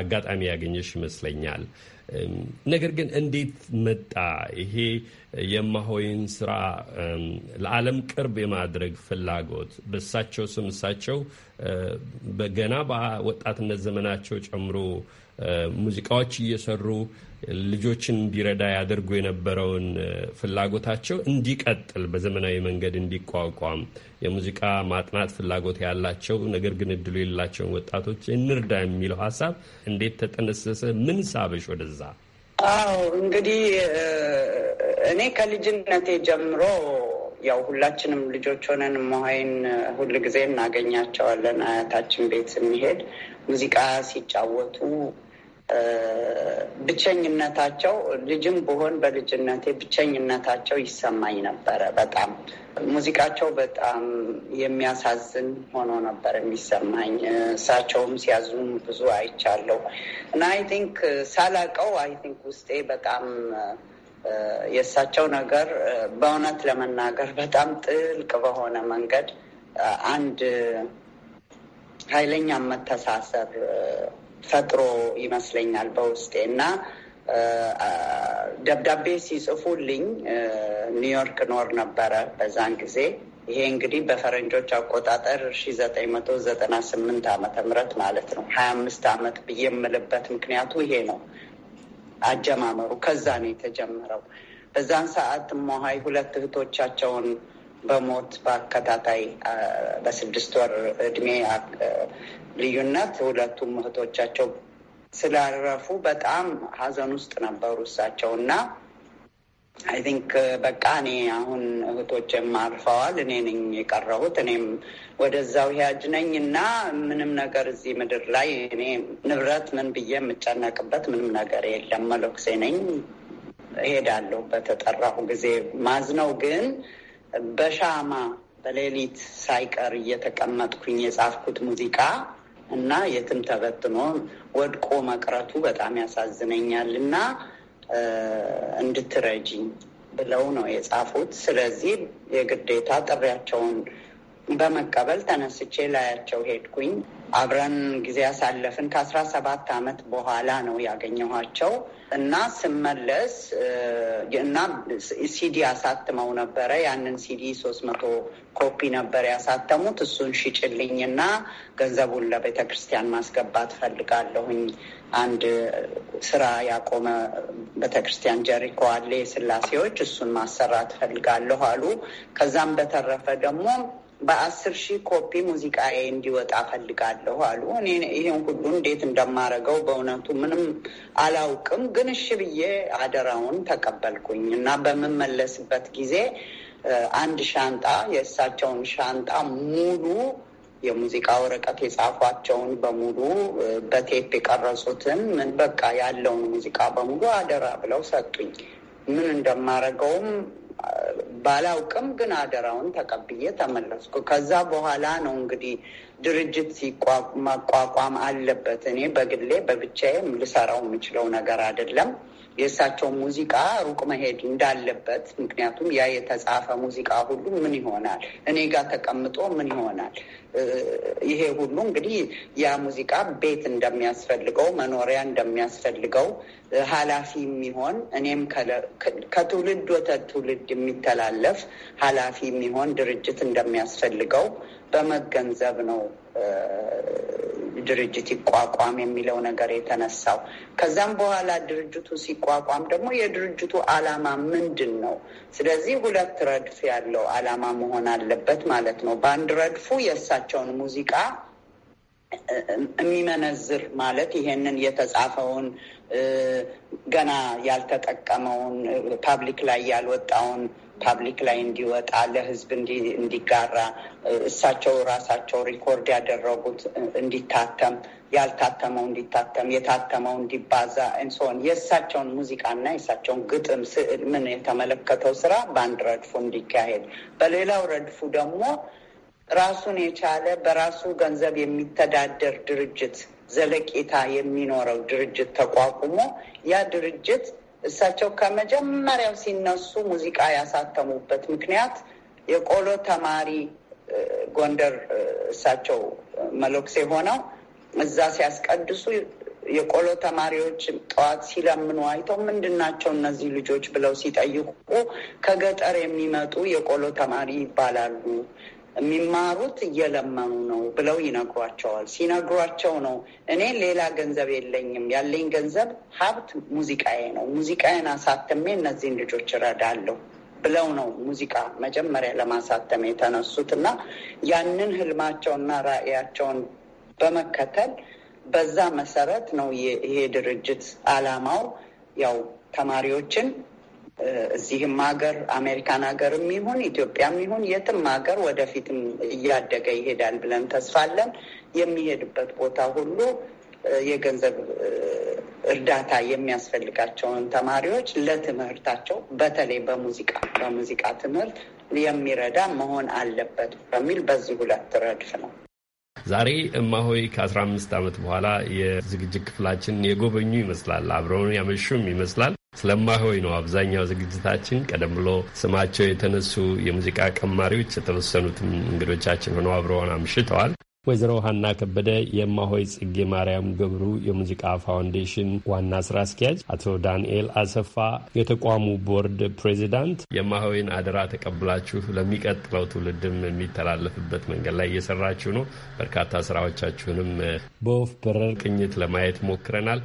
አጋጣሚ ያገኘሽ ይመስለኛል። ነገር ግን እንዴት መጣ ይሄ የማሆይን ስራ ለዓለም ቅርብ የማድረግ ፍላጎት በሳቸው ስም እሳቸው በገና በወጣትነት ዘመናቸው ጨምሮ ሙዚቃዎች እየሰሩ ልጆችን እንዲረዳ ያደርጉ የነበረውን ፍላጎታቸው እንዲቀጥል በዘመናዊ መንገድ እንዲቋቋም የሙዚቃ ማጥናት ፍላጎት ያላቸው ነገር ግን እድሉ የሌላቸውን ወጣቶች እንርዳ የሚለው ሀሳብ እንዴት ተጠነሰሰ? ምን ሳበሽ ወደዛ? አዎ እንግዲህ እኔ ከልጅነቴ ጀምሮ ያው ሁላችንም ልጆች ሆነን መሀይን ሁል ጊዜ እናገኛቸዋለን። አያታችን ቤት ስንሄድ ሙዚቃ ሲጫወቱ ብቸኝነታቸው ልጅም ብሆን በልጅነቴ ብቸኝነታቸው ይሰማኝ ነበረ። በጣም ሙዚቃቸው በጣም የሚያሳዝን ሆኖ ነበር የሚሰማኝ። እሳቸውም ሲያዝኑ ብዙ አይቻለሁ እና አይ ቲንክ ሳላቀው አይ ቲንክ ውስጤ በጣም የእሳቸው ነገር በእውነት ለመናገር በጣም ጥልቅ በሆነ መንገድ አንድ ኃይለኛ መተሳሰር ፈጥሮ ይመስለኛል በውስጤ እና ደብዳቤ ሲጽፉልኝ ኒውዮርክ ኖር ነበረ በዛን ጊዜ። ይሄ እንግዲህ በፈረንጆች አቆጣጠር ሺ ዘጠኝ መቶ ዘጠና ስምንት ዓመተ ምህረት ማለት ነው። ሀያ አምስት ዓመት ብዬ የምልበት ምክንያቱ ይሄ ነው። አጀማመሩ ከዛ ነው የተጀመረው። በዛን ሰዓት ሞሀይ ሁለት እህቶቻቸውን በሞት በአከታታይ በስድስት ወር እድሜ ልዩነት ሁለቱም እህቶቻቸው ስላረፉ በጣም ሀዘን ውስጥ ነበሩ እሳቸው እና አይ ቲንክ በቃ እኔ አሁን እህቶችም አርፈዋል፣ እኔ ነኝ የቀረሁት። እኔም ወደዛው ሂያጅ ነኝ እና ምንም ነገር እዚህ ምድር ላይ እኔ ንብረት ምን ብዬ የምጨነቅበት ምንም ነገር የለም። መለኩሴ ነኝ፣ እሄዳለሁ በተጠራሁ ጊዜ ማዝነው ግን በሻማ በሌሊት ሳይቀር እየተቀመጥኩኝ የጻፍኩት ሙዚቃ እና የትም ተበትኖ ወድቆ መቅረቱ በጣም ያሳዝነኛል እና እንድትረጂኝ ብለው ነው የጻፉት። ስለዚህ የግዴታ ጥሪያቸውን በመቀበል ተነስቼ ላያቸው ሄድኩኝ። አብረን ጊዜ ያሳለፍን ከአስራ ሰባት አመት በኋላ ነው ያገኘኋቸው እና ስመለስ እና ሲዲ ያሳትመው ነበረ። ያንን ሲዲ ሶስት መቶ ኮፒ ነበር ያሳተሙት። እሱን ሽጭልኝና ገንዘቡን ለቤተ ክርስቲያን ማስገባት ፈልጋለሁኝ። አንድ ስራ ያቆመ ቤተ ክርስቲያን ጀሪኮ አለ፣ የስላሴዎች እሱን ማሰራት ፈልጋለሁ አሉ። ከዛም በተረፈ ደግሞ በአስር ሺህ ኮፒ ሙዚቃዬ እንዲወጣ ፈልጋለሁ አሉ። እኔ ይህን ሁሉ እንዴት እንደማረገው በእውነቱ ምንም አላውቅም፣ ግን እሺ ብዬ አደራውን ተቀበልኩኝ እና በምመለስበት ጊዜ አንድ ሻንጣ የእሳቸውን ሻንጣ ሙሉ የሙዚቃ ወረቀት የጻፏቸውን በሙሉ በቴፕ የቀረጹትን ምን በቃ ያለውን ሙዚቃ በሙሉ አደራ ብለው ሰጡኝ። ምን እንደማረገውም ባላውቅም ግን አደራውን ተቀብዬ ተመለስኩ። ከዛ በኋላ ነው እንግዲህ ድርጅት ሲቋቋም አለበት። እኔ በግሌ በብቻዬ ልሰራው የምችለው ነገር አይደለም። የእሳቸው ሙዚቃ ሩቅ መሄድ እንዳለበት። ምክንያቱም ያ የተጻፈ ሙዚቃ ሁሉ ምን ይሆናል፣ እኔ ጋር ተቀምጦ ምን ይሆናል? ይሄ ሁሉ እንግዲህ ያ ሙዚቃ ቤት እንደሚያስፈልገው፣ መኖሪያ እንደሚያስፈልገው፣ ኃላፊ የሚሆን እኔም ከትውልድ ወደ ትውልድ የሚተላለፍ ኃላፊ የሚሆን ድርጅት እንደሚያስፈልገው በመገንዘብ ነው ድርጅት ይቋቋም የሚለው ነገር የተነሳው። ከዛም በኋላ ድርጅቱ ሲቋቋም ደግሞ የድርጅቱ ዓላማ ምንድን ነው? ስለዚህ ሁለት ረድፍ ያለው ዓላማ መሆን አለበት ማለት ነው። በአንድ ረድፉ የእሳቸውን ሙዚቃ የሚመነዝር ማለት ይሄንን የተጻፈውን ገና ያልተጠቀመውን ፓብሊክ ላይ ያልወጣውን ፓብሊክ ላይ እንዲወጣ ለህዝብ እንዲጋራ እሳቸው ራሳቸው ሪኮርድ ያደረጉት እንዲታተም፣ ያልታተመው እንዲታተም፣ የታተመው እንዲባዛ እንሰሆን የእሳቸውን እና የእሳቸውን ግጥም፣ ስዕል ምን የተመለከተው ስራ በአንድ ረድፉ እንዲካሄድ በሌላው ረድፉ ደግሞ ራሱን የቻለ በራሱ ገንዘብ የሚተዳደር ድርጅት ዘለቄታ የሚኖረው ድርጅት ተቋቁሞ ያ ድርጅት እሳቸው ከመጀመሪያው ሲነሱ ሙዚቃ ያሳተሙበት ምክንያት የቆሎ ተማሪ ጎንደር እሳቸው መሎክሴ ሆነው እዛ ሲያስቀድሱ የቆሎ ተማሪዎች ጠዋት ሲለምኑ አይተው ምንድን ናቸው እነዚህ ልጆች ብለው ሲጠይቁ ከገጠር የሚመጡ የቆሎ ተማሪ ይባላሉ። የሚማሩት እየለመኑ ነው ብለው ይነግሯቸዋል። ሲነግሯቸው ነው እኔ ሌላ ገንዘብ የለኝም፣ ያለኝ ገንዘብ ሀብት ሙዚቃዬ ነው፣ ሙዚቃዬን አሳተሜ እነዚህን ልጆች እረዳለሁ ብለው ነው ሙዚቃ መጀመሪያ ለማሳተም የተነሱት እና ያንን ህልማቸውና ራዕያቸውን በመከተል በዛ መሰረት ነው ይሄ ድርጅት አላማው ያው ተማሪዎችን እዚህም ሀገር አሜሪካን ሀገርም ይሁን ኢትዮጵያም ይሁን የትም ሀገር ወደፊትም እያደገ ይሄዳል ብለን ተስፋለን የሚሄድበት ቦታ ሁሉ የገንዘብ እርዳታ የሚያስፈልጋቸውን ተማሪዎች ለትምህርታቸው በተለይ በሙዚቃ በሙዚቃ ትምህርት የሚረዳ መሆን አለበት በሚል በዚህ ሁለት ረድፍ ነው። ዛሬ እማሆይ ከአስራ አምስት ዓመት በኋላ የዝግጅት ክፍላችን የጎበኙ ይመስላል። አብረውን ያመሹም ይመስላል። ስለማሆይ ነው አብዛኛው ዝግጅታችን። ቀደም ብሎ ስማቸው የተነሱ የሙዚቃ ቀማሪዎች የተወሰኑትም እንግዶቻችን ሆነው አብረውን አምሽተዋል። ወይዘሮ ሀና ከበደ የማሆይ ጽጌ ማርያም ገብሩ የሙዚቃ ፋውንዴሽን ዋና ስራ አስኪያጅ፣ አቶ ዳንኤል አሰፋ የተቋሙ ቦርድ ፕሬዚዳንት፣ የማሆይን አደራ ተቀብላችሁ ለሚቀጥለው ትውልድም የሚተላለፍበት መንገድ ላይ እየሰራችሁ ነው። በርካታ ስራዎቻችሁንም በወፍ በረር ቅኝት ለማየት ሞክረናል።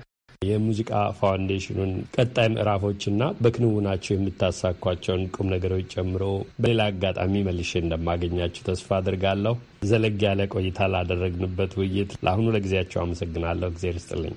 የሙዚቃ ፋውንዴሽኑን ቀጣይ ምዕራፎችና በክንውናቸው የምታሳኳቸውን ቁም ነገሮች ጨምሮ በሌላ አጋጣሚ መልሼ እንደማገኛችሁ ተስፋ አድርጋለሁ። ዘለግ ያለ ቆይታ ላደረግንበት ውይይት ለአሁኑ ለጊዜያቸው አመሰግናለሁ። እግዜር ይስጥልኝ።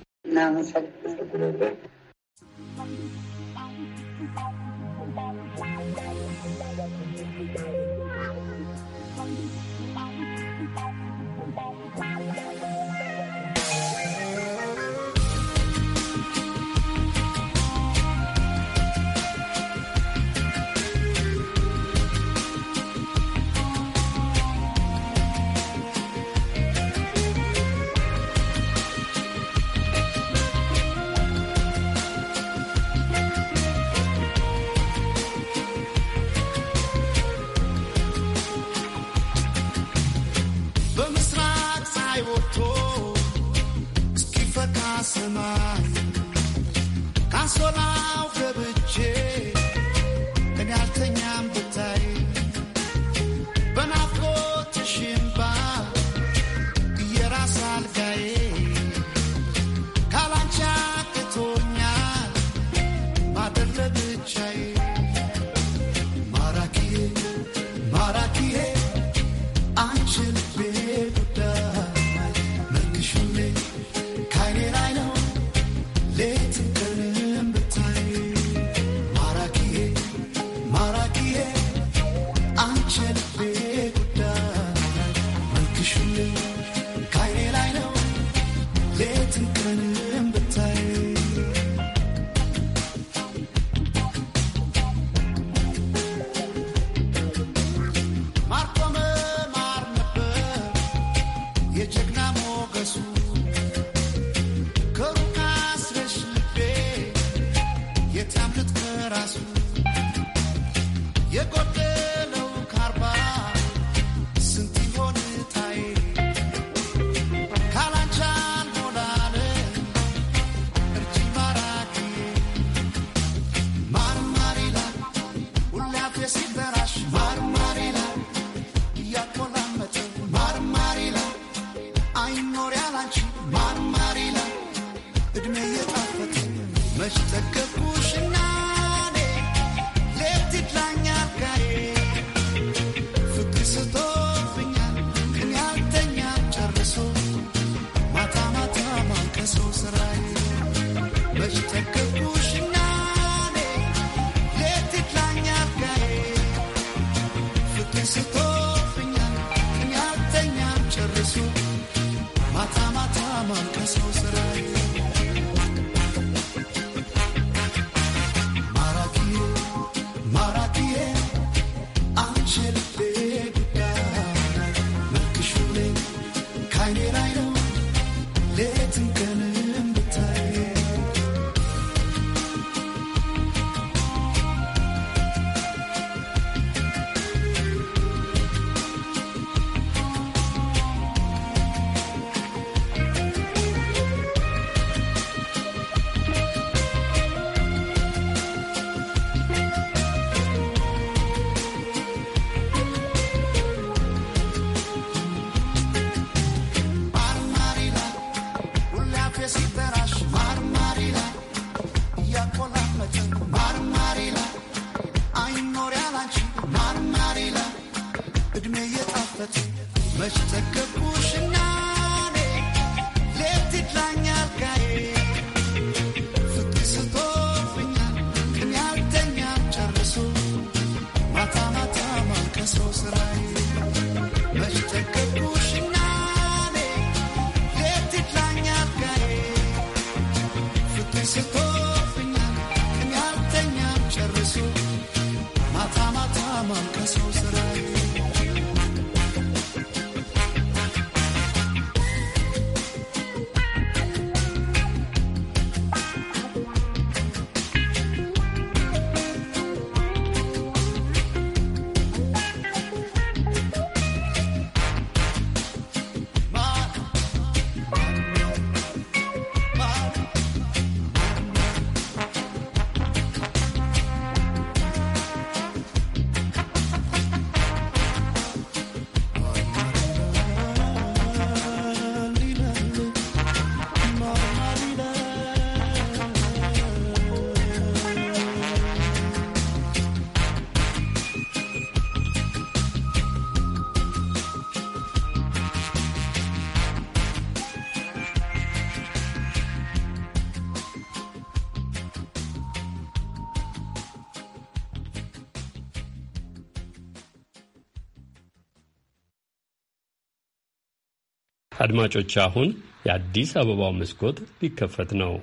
አድማጮች አሁን የአዲስ አበባው መስኮት ሊከፈት ነው።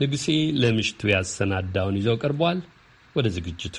ንጉሴ ለምሽቱ ያሰናዳውን ይዘው ቀርቧል። ወደ ዝግጅቱ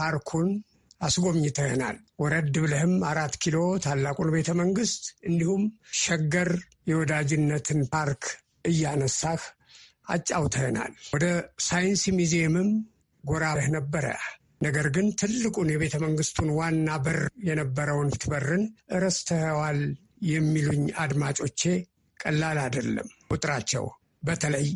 ፓርኩን አስጎብኝተህናል። ወረድ ብለህም አራት ኪሎ ታላቁን ቤተ መንግስት፣ እንዲሁም ሸገር የወዳጅነትን ፓርክ እያነሳህ አጫውተህናል። ወደ ሳይንስ ሚዚየምም ጎራ ብለህ ነበረ። ነገር ግን ትልቁን የቤተ መንግስቱን ዋና በር የነበረውን ፊት እረስተዋል የሚሉኝ አድማጮቼ ቀላል አይደለም ቁጥራቸው። በተለይ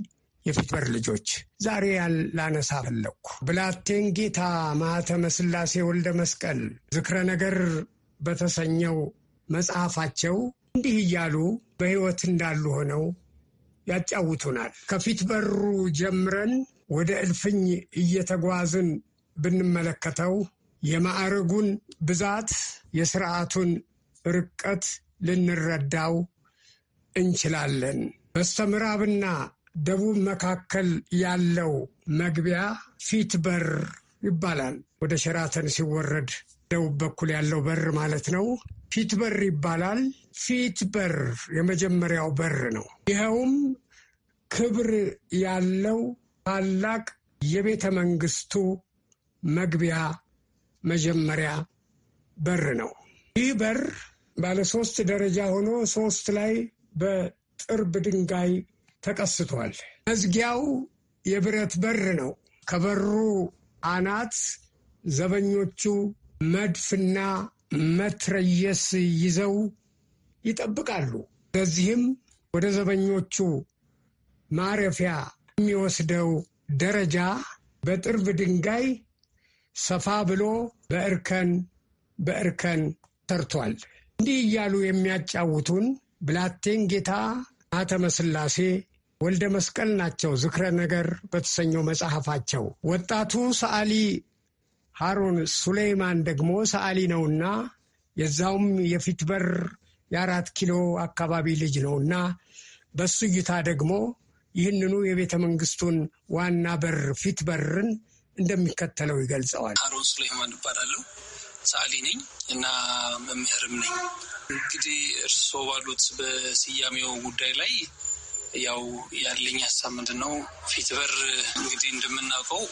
የፊትበር ልጆች ዛሬ ያላነሳ ፈለግኩ ብላቴን ጌታ ማኅተመ ሥላሴ ወልደ መስቀል ዝክረ ነገር በተሰኘው መጽሐፋቸው እንዲህ እያሉ በሕይወት እንዳሉ ሆነው ያጫውቱናል። ከፊት በሩ ጀምረን ወደ እልፍኝ እየተጓዝን ብንመለከተው የማዕረጉን ብዛት፣ የስርዓቱን ርቀት ልንረዳው እንችላለን። በስተምዕራብና ደቡብ መካከል ያለው መግቢያ ፊት በር ይባላል። ወደ ሸራተን ሲወረድ ደቡብ በኩል ያለው በር ማለት ነው። ፊት በር ይባላል። ፊት በር የመጀመሪያው በር ነው። ይኸውም ክብር ያለው ታላቅ የቤተ መንግስቱ መግቢያ መጀመሪያ በር ነው። ይህ በር ባለ ሶስት ደረጃ ሆኖ ሶስት ላይ በጥርብ ድንጋይ ተቀስቷል። መዝጊያው የብረት በር ነው። ከበሩ አናት ዘበኞቹ መድፍና መትረየስ ይዘው ይጠብቃሉ። በዚህም ወደ ዘበኞቹ ማረፊያ የሚወስደው ደረጃ በጥርብ ድንጋይ ሰፋ ብሎ በእርከን በእርከን ተርቷል። እንዲህ እያሉ የሚያጫውቱን ብላቴን ጌታ ማተመ ወልደ መስቀል ናቸው ዝክረ ነገር በተሰኘው መጽሐፋቸው። ወጣቱ ሰዓሊ ሃሩን ሱሌይማን ደግሞ ሰዓሊ ነውና የዛውም የፊት በር የአራት ኪሎ አካባቢ ልጅ ነውና በሱ እይታ ደግሞ ይህንኑ የቤተ መንግስቱን ዋና በር ፊት በርን እንደሚከተለው ይገልጸዋል። ሃሩን ሱሌይማን እባላለሁ። ሰዓሊ ነኝ እና መምህርም ነኝ። እንግዲህ እርስዎ ባሉት በስያሜው ጉዳይ ላይ ያው ያለኝ ሀሳብ ምንድን ነው፣ ፊትበር እንግዲህ እንደምናውቀው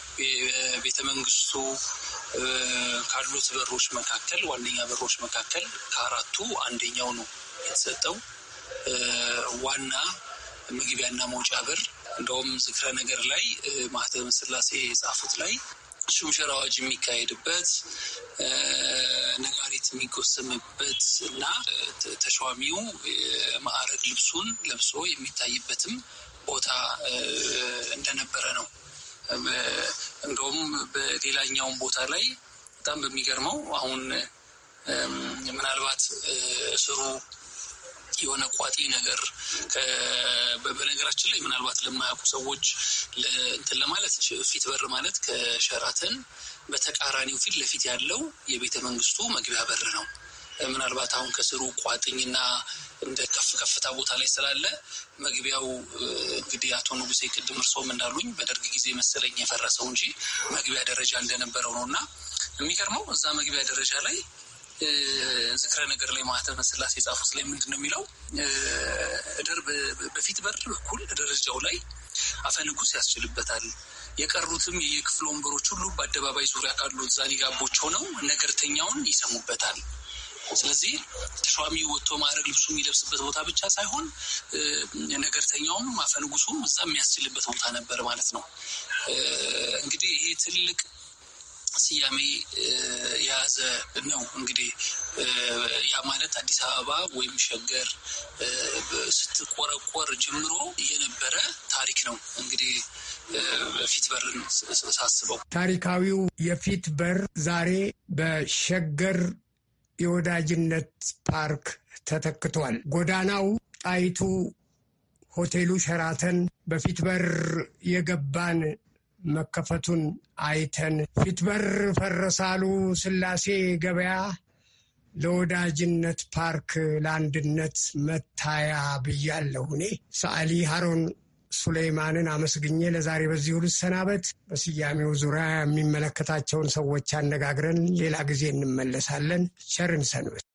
ቤተ መንግስቱ ካሉት በሮች መካከል ዋነኛ በሮች መካከል ከአራቱ አንደኛው ነው የተሰጠው ዋና መግቢያና መውጫ በር። እንደውም ዝክረ ነገር ላይ ማህተመ ስላሴ የጻፉት ላይ ሹምሽር አዋጅ የሚካሄድበት ነጋሪት የሚጎሰምበት እና ተሿሚው ማዕረግ ልብሱን ለብሶ የሚታይበትም ቦታ እንደነበረ ነው። እንደውም በሌላኛውም ቦታ ላይ በጣም በሚገርመው አሁን ምናልባት እስሩ የሆነ ቋጢ ነገር በነገራችን ላይ ምናልባት ለማያውቁ ሰዎች እንትን ለማለት ፊት በር ማለት ከሸራተን በተቃራኒው ፊት ለፊት ያለው የቤተ መንግስቱ መግቢያ በር ነው። ምናልባት አሁን ከስሩ ቋጥኝና እንደ ከፍ ከፍታ ቦታ ላይ ስላለ መግቢያው እንግዲህ አቶ ንጉሴ ቅድም እርሶም እንዳሉኝ በደርግ ጊዜ መሰለኝ የፈረሰው እንጂ መግቢያ ደረጃ እንደነበረው ነው እና የሚገርመው እዛ መግቢያ ደረጃ ላይ ዝክረ ነገር ላይ ማህተመ ስላሴ የጻፉት ላይ ምንድን ነው የሚለው? እድር በፊት በር በኩል ደረጃው ላይ አፈ ንጉስ ያስችልበታል። የቀሩትም የየክፍል ወንበሮች ሁሉ በአደባባይ ዙሪያ ካሉት ጋቦች ሆነው ነገርተኛውን ይሰሙበታል። ስለዚህ ተሿሚው ወጥቶ ማድረግ ልብሱ የሚለብስበት ቦታ ብቻ ሳይሆን ነገርተኛውም አፈንጉሱም እዛ የሚያስችልበት ቦታ ነበር ማለት ነው። እንግዲህ ይሄ ትልቅ ስያሜ የያዘ ነው። እንግዲህ ያ ማለት አዲስ አበባ ወይም ሸገር ስትቆረቆር ጀምሮ የነበረ ታሪክ ነው። እንግዲህ ፊት በርን ሳስበው ታሪካዊው የፊት በር ዛሬ በሸገር የወዳጅነት ፓርክ ተተክቷል። ጎዳናው ጣይቱ ሆቴሉ ሸራተን በፊት በር የገባን መከፈቱን አይተን ፊትበር ፈረሳሉ ስላሴ ገበያ ለወዳጅነት ፓርክ ለአንድነት መታያ ብያለሁ። እኔ ሰዓሊ ሀሮን ሱሌይማንን አመስግኜ ለዛሬ ሁሉ ሰናበት በስያሜው ዙሪያ የሚመለከታቸውን ሰዎች አነጋግረን ሌላ ጊዜ እንመለሳለን። ቸርን ሰንበት።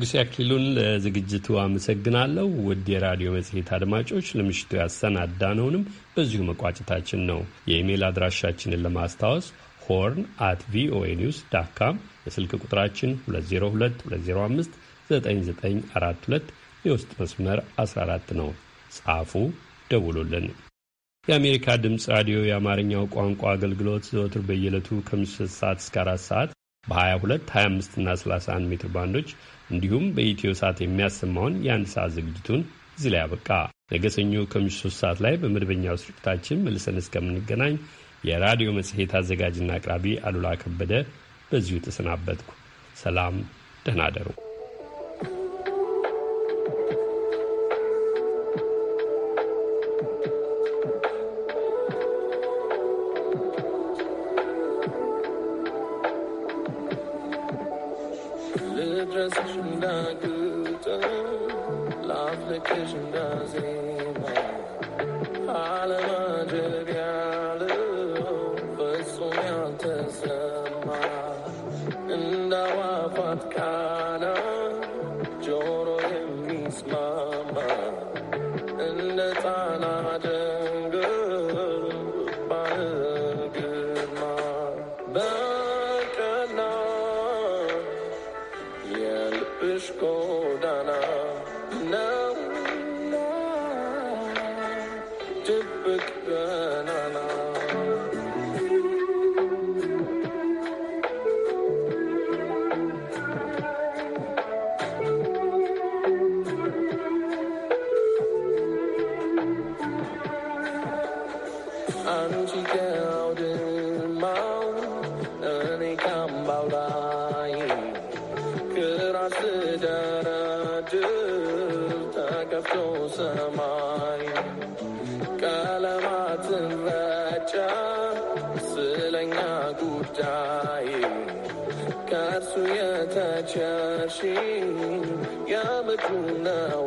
ንጉሴ አክሊሉን ለዝግጅቱ አመሰግናለሁ። ውድ የራዲዮ መጽሔት አድማጮች ለምሽቱ ያሰናዳነውንም በዚሁ መቋጨታችን ነው። የኢሜይል አድራሻችንን ለማስታወስ ሆርን አት ቪኦኤ ኒውስ ዳት ካም፣ የስልክ ቁጥራችን 2022059942 የውስጥ መስመር 14 ነው። ጻፉ፣ ደውሉልን። የአሜሪካ ድምፅ ራዲዮ የአማርኛው ቋንቋ አገልግሎት ዘወትር በየዕለቱ ከምሽት ሰዓት እስከ አራት ሰዓት በ22፣ 25 እና 31 ሜትር ባንዶች እንዲሁም በኢትዮ ሰዓት የሚያሰማውን የአንድ ሰዓት ዝግጅቱን እዚህ ላይ አበቃ። ነገ ሰኞ ከምሽቱ 3 ሰዓት ላይ በመደበኛው ስርጭታችን መልሰን እስከምንገናኝ የራዲዮ መጽሔት አዘጋጅና አቅራቢ አሉላ ከበደ በዚሁ ተሰናበትኩ። ሰላም፣ ደህና አደሩ። ማውላይ ክራስ ደረድር ተከፍቶ ሰማይ ቀለማትን ረጫ ስለኛ ከእርሱ የተቸርሽ የምድሩ ነው